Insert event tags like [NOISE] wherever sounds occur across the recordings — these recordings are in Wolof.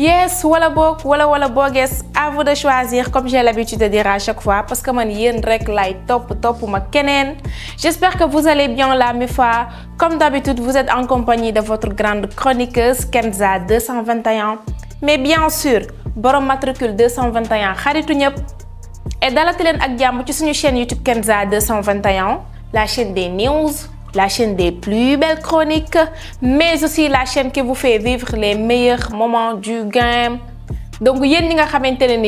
yes wala beaucoup, voilà à vous de choisir comme j'ai l'habitude de dire à chaque fois parce que man suis rek lay top top ma kenen. j'espère que vous allez bien là, mes fois. comme d'habitude vous êtes en compagnie de votre grande chroniqueuse Kenza 221 mais bien sûr borom matricule 221 xaritou ñep. et la télé ak jamm ci suñu chaîne YouTube Kenza 221 la chaîne des news la chaîne des plus belles chroniques, mais aussi la chaîne qui vous fait vivre les meilleurs moments du game. Donc,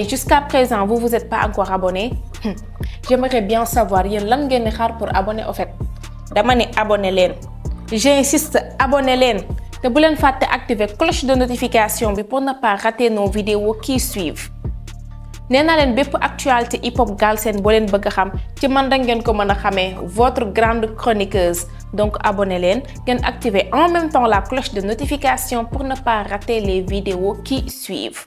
jusqu'à présent, vous vous êtes pas encore abonné. Hum. J'aimerais bien savoir, pour abonner au fait. abonnez vous J'insiste, abonnez vous Et vous pas activer la cloche de notification pour ne pas rater nos vidéos qui suivent vous naa leen actualité hip hop gal vous leen xam ci man votre grande chroniqueuse donc abonnez-vous et activez en même temps la cloche de notification pour ne pas rater les vidéos qui suivent.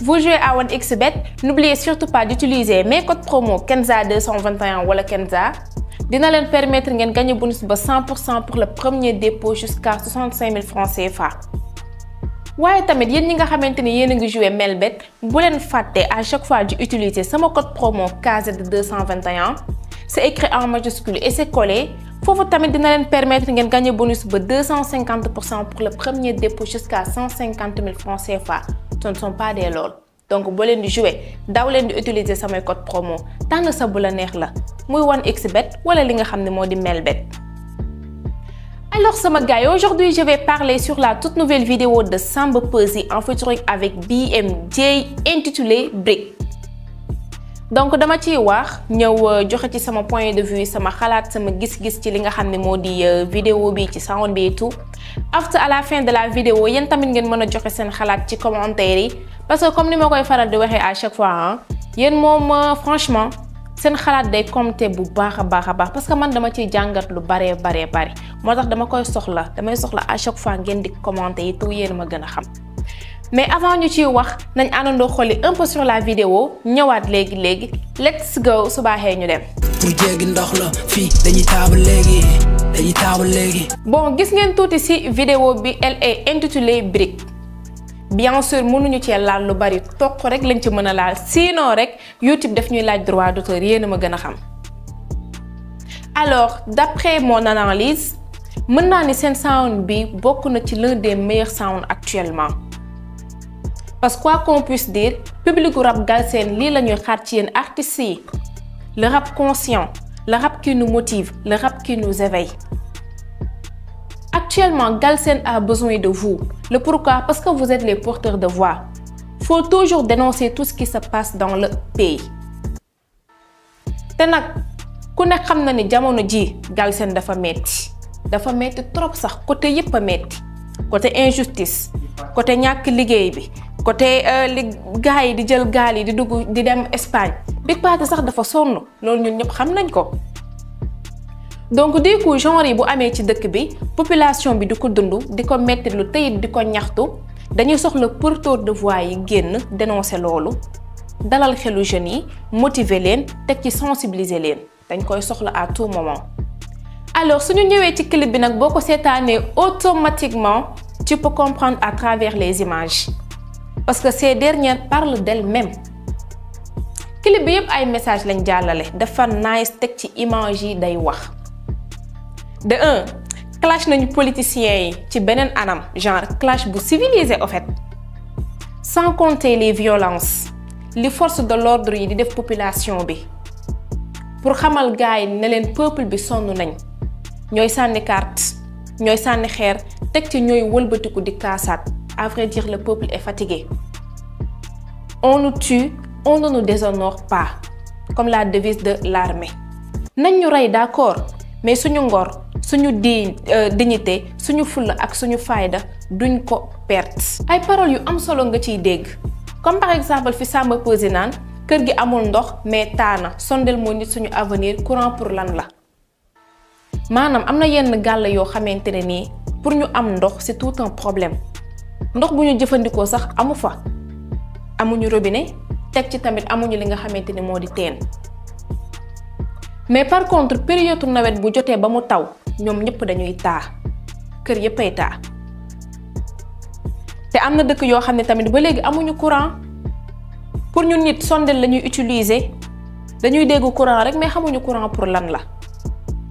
Vous jouez à 1xBet, n'oubliez surtout pas d'utiliser mes codes promo KENZA221 ou KENZA dina leen permettre de gagner bonus de 100% pour le premier dépôt jusqu'à 65 000 francs CFA waaye tamit yéen ñi nga xamanteni Melbet bu len faté à chaque fois utiliser sama code promo KZ221 c'est écrit en majuscule et c'est collé Pour tamit dina len permettre de gagner bonus de 250 pour le premier dépôt jusqu'à 150 000 francs CFA ce ne sont pas des lol. donc si vous di jouer daw len utiliser sama code promo Tan sa bu la neex la muy 1xbet wala li nga modi Melbet. Alors sama gars aujourd'hui je vais parler sur la toute nouvelle vidéo de Samba Peuzzi en featuring avec BMJ intitulée Brick. donc dama ci wax ñëw euh, joxe ci sama point de vue sama xalaat sama gis-gis ci li nga xamné modi euh, vidéo bi ci sound bi et tout after à la fin de la vidéo yéen tamit ngeen mëna a joxe seen xalaat ci commentaire parce que comme ni ma koy faral di waxee à chaque fois hein yéen mom euh, franchement. seen xalaat day compter bu baax a baax a baax parce que man dama ciy jàngat lu bare bare bare moo tax dama koy soxla damay soxla à chaque fois ngeen di commenter yi tu yéen ma gën a xam mais avant ñu ciy wax nañ àndandoo xoli un peu sur la vidéo ñëwaat léegi léegi let's go su baaxee ñu dem. pour jéggi ndox la fii dañuy taabu léegi dañuy taabu léegi. bon gis ngeen tuuti ci vidéo bi elle est intitulée brique. bien sûr mënuñu ci laal lu bari tok rek lañ ci mëna laal sinon rek YouTube def ñuy laaj droit d'auteur yéen ma alors d'après mon analyse mën naa ni seen sound bi bokk na l'un des meilleurs sound actuellement parce que quoi qu'on puisse dire publicu rap Galsen lii la ñuy xaar ci yéen artistes yi le rap conscient le rap qui nous motive le rap qui nous éveille Actuellement, Galsen a besoin de vous. Le pourquoi Parce que vous êtes les porteurs de voix. Faut toujours dénoncer tout ce qui se passe dans le pays. te kuna ku ne xam na ni jamono ji Galsen dafa metti dafa metti trop sax côté yépp a metti côté injustice côté ñak liguey bi côté euh, li de yi di jël gaal yi di dugg di dem Espagne Big Paté sax dafa sonn loolu ñun ñep xam ko donc du coup genre bu amé ci dëkk bi population bi du ko dundu diko metti lu teyit diko ñaxtu dañuy soxla porteur de voix yi génn dénoncer loolu dalal xelu jeunes yi motiver leen teg ci sensibiliser leen dañ koy soxla à tout moment. alors suñu ñëwee ci clip bi nag boo ko seetaanee automatiquement tu peux comprendre à travers les images parce que ces dernières parlent d'elles-mêmes. clip bi yëpp ay message lañ jàllale dafa nice teg ci image yi day wax de un clash nañu politiciens yi ci benen anam genre clash bu civilisé en fait sans compter les violences les forces de l'ordre yi di def population bi pour xamal gaay yi ne leen peuple bi sonu nañ ñoy sànni carte ñooy sànni xeer teg ci ñoy wëlbeutiku di kaasaat à vrai dire le peuple est fatigué on nous tue on ne nous déshonore pas comme la devise de l'armée nañ ñu d'accord mais suñu ngor suñu di euh, dignité suñu fulla ak suñu fayda duñ ko perte. ay paroles yu am solo nga ciy dégg comme par exemple fi Samba posé naan kër gi amul ndox mais taana sondel moo nit suñu avenir courant pour lan la maanaam am na yenn gàll yoo xamante ne nii pour ñu am ndox c'est tout un problème ndox bu ñu jëfandikoo sax amu fa amuñu robinet teg ci tamit amuñu li nga xamante ni moo di teen mais par contre période nawet bu jotee ba mu taw ñom ñëpp dañuy taa kër yëppay te am dëkk tamit ba amuñu courant pour ñun nit utiliser dañuy dégg courant rek mais xamuñu courant pour lan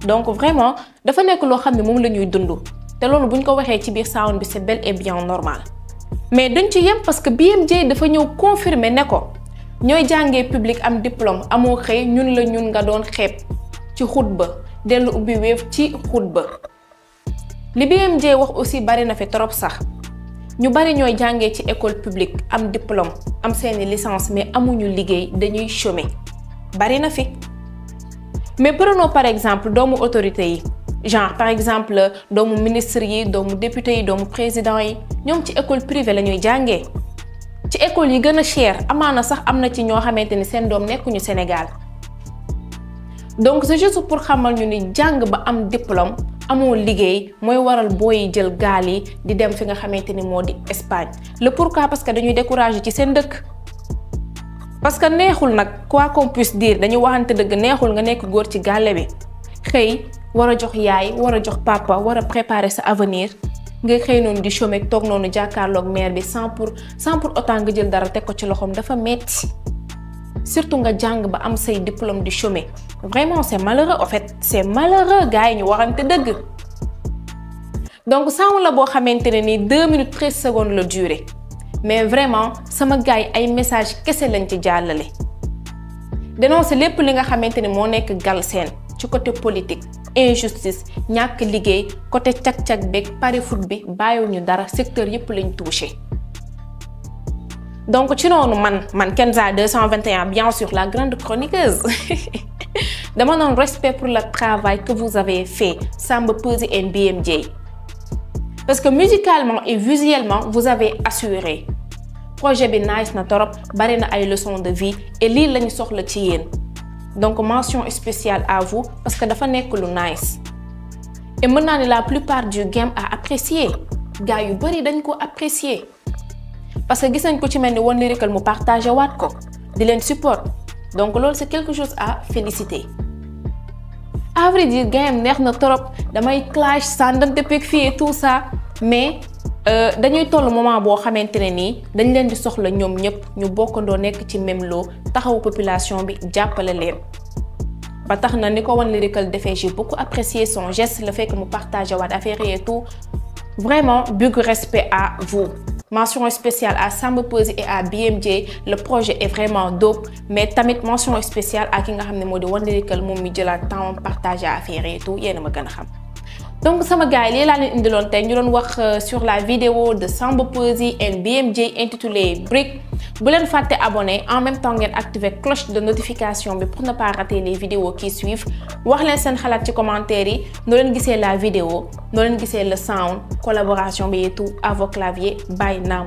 donc vraiment dafa nekk loo xam ne moom la ñuy te loolu buñ ko waxee ci biir bi c'est bel et bien normal mais ci parce que BMJ dafa ñëw confirmer ne ko ñooy public am diplôme amoo xëy ñun la ñun nga doon dellu ubbi wéef ci xutba li BMJ wax aussi bari na fi trop sax ñu bari ñooy jàngee ci école publique am diplôme am seeni licence mais amuñu liggéey dañuy chômé bari na fi mais prenons par exemple doomu autorité yi genre par exemple doomu ministre yi doomu député yi doomu président yi ñoom ci école privée la ñuy jàngee ci école yi gën a cher amaana sax am na ci ñoo xamante ni seen doom nekkuñu Sénégal donc c'est juste pour xamal ñu ni jàng ba am diplôme amoo liggéey mooy waral booy jël gaal yi di dem fi nga xamante ni moo di Espagne le pourquoi parce que dañuy découragé ci seen dëkk. parce que neexul nag quoi qu'on puisse dire dañu waxante dëgg neexul nga nekk góor ci gàlle bi xëy war a jox yaay war a jox papa war a préparer sa avenir nga xëy noonu di chômer toog noonu jàkkaarlook mère bi sans pour sans pour nga jël dara teg ko ci loxoom dafa metti surtout nga jang ba am say diplôme du chômé vraiment c'est malheureux en fait c'est malheureux gars ñu warante deug donc on la bo xamante ni 2 deux minutes 13 secondes le durée mais vraiment sama gars ay message kese lañ ci jallalé dénoncé lépp li nga xamante mo nek Gal sen ci côté politique injustice ñak liggéey côté tchak, cag beeg pari foot bi ñu dara secteur yépp lañ touché donc tu sais, man man Kenza 221 bien sûr la grande chroniqueuse [LAUGHS] Demande un respect pour le travail que vous avez fait Samba poser un BMJ parce que musicalement et visuellement vous avez assuré projet bien nice na torop a eu ay leçons de vie et lii lañu soxla ci vie. donc mention spéciale à vous parce que dafa un lu nice et maintenant, la plupart du game a apprécié gars yu bari dañ apprécier parce que gis nañ ko ci mel ni One Lyrical mu partagé wat ko di len support donc lool c'est quelque chose à féliciter. à vrai dire game neex na trop damay clash sandam depuis fi et tout ça mais euh, dañuy toll moment bo xamantene ni dañ len di soxla ñom ñep ñu bokkando nek ci même lo taxaw population bi jàppale len. ba tax na niko won One Lyrical defee j'ai beaucoup apprécié son geste le fait que mu partagé wat affaire et tout vraiment beaucoup respect à vous. Mention spéciale à Samba et à BMJ le projet est vraiment dope mais tamit mention spéciale à qui nga xam dit que di One Lyrical moom temps partagé affaire et tout yéen ma donc sama gars yi Là ñu euh, sur la vidéo de Samba Peuzzi et BMJ intitulée Brick bu leen fàtte abonné en même temps ngeen activer cloche de notification bi pour ne pas rater les vidéos qui suivent wax leen vous xalaat ci commentaire yi noo leen la vidéo vous leen gisee le sound collaboration bi et tout à vos claviers Bye naa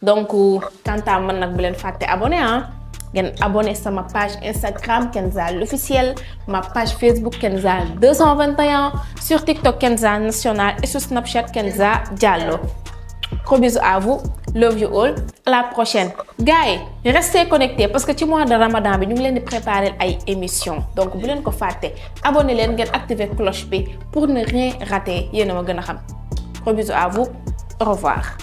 donc quant à man nag bu vous abonner. abonné Abonnez-vous ah. abonné ma page Instagram Kenza l'officiel ma page Facebook Kenza 221 sur TikTok Kenza national et sur Snapchat Kenza Diallo Gros bisous à vous. Love you all. la prochaine. Gars restez connectés parce que tu mois de Ramadan bi ñu ngi préparer ay émissions donc bu leen ko abonnez abonné et ngeen activer cloche pour ne rien rater yéen a ma à vous. Au revoir.